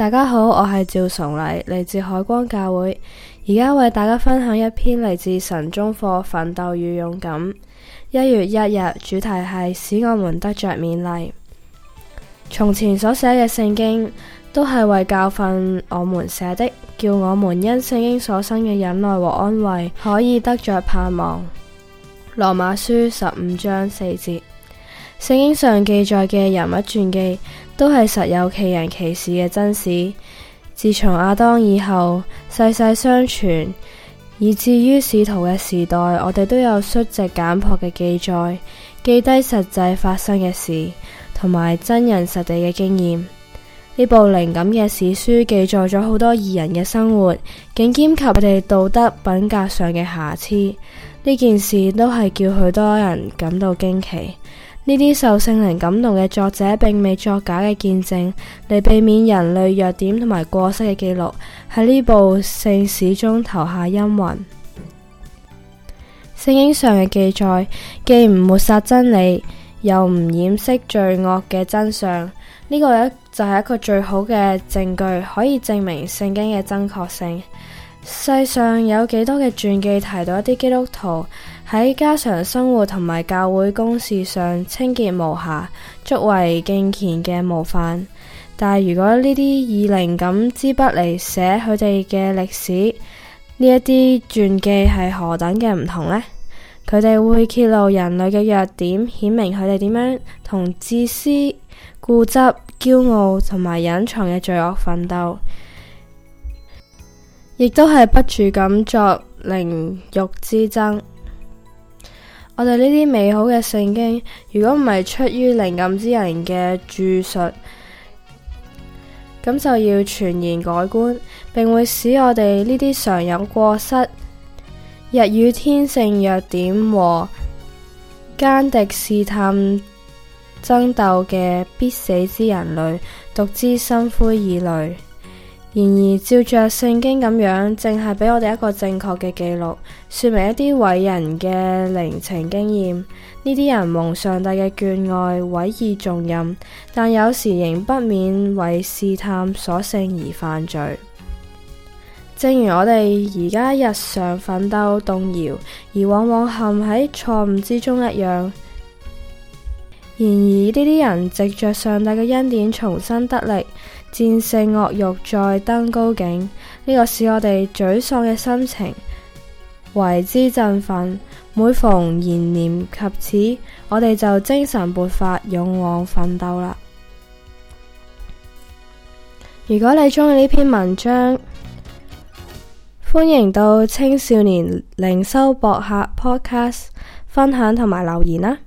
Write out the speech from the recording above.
大家好，我係趙崇禮，嚟自海光教會，而家為大家分享一篇嚟自神中課《奮鬥與勇敢》一月一日，主題係使我們得着勉勵。從前所寫嘅聖經，都係為教訓我們寫的，叫我們因聖經所生嘅忍耐和安慰，可以得着盼望。羅馬書十五章四節。聖經上記載嘅人物傳記，都係實有其人其事嘅真史。自從亞當以後，世世相傳，以至於使徒嘅時代，我哋都有率直簡樸嘅記載，記低實際發生嘅事，同埋真人實地嘅經驗。呢部靈感嘅史書記載咗好多異人嘅生活，竟兼及佢哋道德品格上嘅瑕疵。呢件事都係叫許多人感到驚奇。呢啲受聖靈感動嘅作者，並未作假嘅見證，嚟避免人類弱點同埋過失嘅記錄，喺呢部聖史中投下陰雲，聖經上嘅記載，既唔抹殺真理，又唔掩飾罪惡嘅真相，呢、呢個一就係一個最好嘅證據，可以證明聖經嘅真確性。世上有幾多嘅傳記提到一啲基督徒？喺家常生活同埋教會公事上，清潔無瑕，足為敬虔嘅模範。但係如果呢啲以靈感之筆嚟寫佢哋嘅歷史，呢一啲傳記係何等嘅唔同呢？佢哋會揭露人類嘅弱點，顯明佢哋點樣同自私、固執、驕傲同埋隱藏嘅罪惡奮鬥，亦都係不住咁作靈欲之爭。我哋呢啲美好嘅聖經，如果唔係出於靈感之人嘅著述，咁就要全然改觀，並會使我哋呢啲常有過失、日與天性弱點和奸敵試探爭鬥嘅必死之人類，獨知心灰意累。然而，照着聖經咁樣，淨係俾我哋一個正確嘅記錄，說明一啲偉人嘅靈情經驗。呢啲人蒙上帝嘅眷愛，委以重任，但有時仍不免為試探所勝而犯罪。正如我哋而家日常奮鬥動搖，而往往陷喺錯誤之中一樣。然而，呢啲人藉着上帝嘅恩典重新得力，戰勝惡慾，再登高境。呢個使我哋沮喪嘅心情為之振奮。每逢言念及此，我哋就精神勃發，勇往奮鬥啦。如果你鍾意呢篇文章，歡迎到青少年靈修博客 Podcast 分享同埋留言啦。